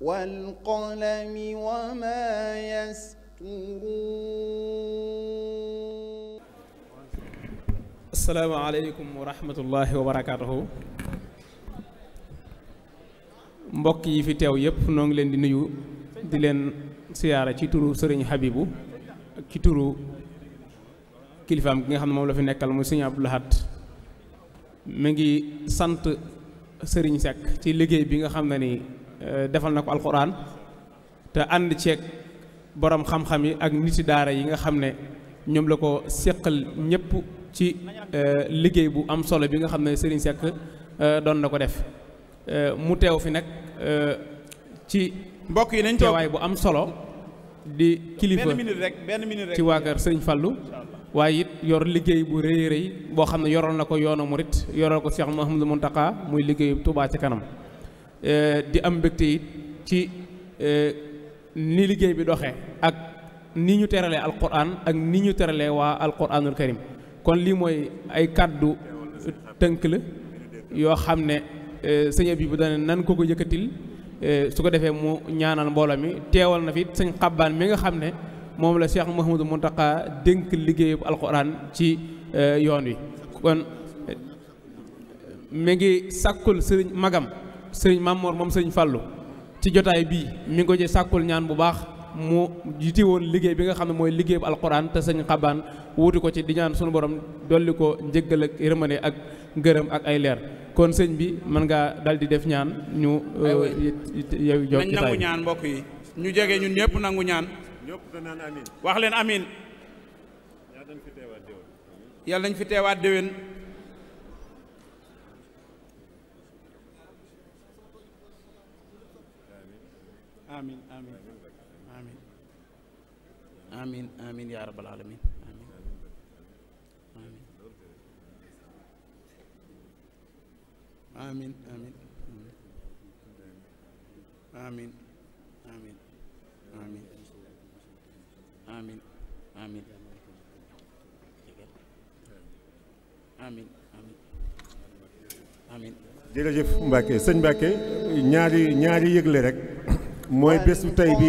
والقلم wa يسطرون السلام عليكم mbokk yi fi teew yépp noo ngi leen di nuyu di leen siyaara ci turu sëriñ Habibou ak ci turu kilifaam gi nga xam ne moom la fi nekkal muy sëriñ Abdou Lahad mi ngi sant sëriñ Seck ci liggéey bi nga xam ne nii Euh, defal na ko alxuraan te ànd ceeg borom xam-xam yi ak niti daara yi nga xam ne ñoom la ko séqal ñëpp ci euh, liggéey bu am solo bi nga xam ne Serigne Seck euh, doon na ko def mu teew fi nag ci mbokk yi nañ toog bu am solo di kilifa ci waa kër Serigne Fallou waaye it yor liggéey bu rëy rëy boo xam ne yoroon na ko mu murit yoroon ko Cheikh mun Mountakha muy liggéey Touba ci kanam Eh, di am mbégte it ci eh, ni liggéey bi doxee ak ni ñu teralee alquran ak ni ñu terale waa alquranul karim kon lii mooy ay kàddu tënk la yoo xam ne eh, sëñ bi bu dana nan ko ko yëkkatil su ko defee mu ñaanal mbooloo mi teewal na fi sëñ xabbaan mi nga xam ne moom la Cheikh Mouhamadou Mountakha dënk liggéeyub alquran ci yoon wi kon mi ngi sàkkul sëriñ magam sëriñ Mamoor moom sëriñ Fàllu ci jotaay bii mi ngi ko ci sàkkul ñaan bu baax mu jiti woon liggéey bi nga xam ne mooy liggéey bu alxuraan te sëñ xabaan wuuti ko ci di ñaan sunu borom dolli ko njëggal ak yërmande ak ngërëm ak ay leer kon sëñ bi mën ngaa dal di def ñaan ñu ah euh, yow jox nañ nangu ñaan mbokk yi ñu jege ñun ñëpp nangu ñaan wax leen amin yàlla nañ fi teewaat déwén amin amin amin amin rabbal alamin amin amin amin amin amin amin amin amin amin amin amin jërëjëf Mbacke ñaari ñaari yëgle rek mooy bésu tey bi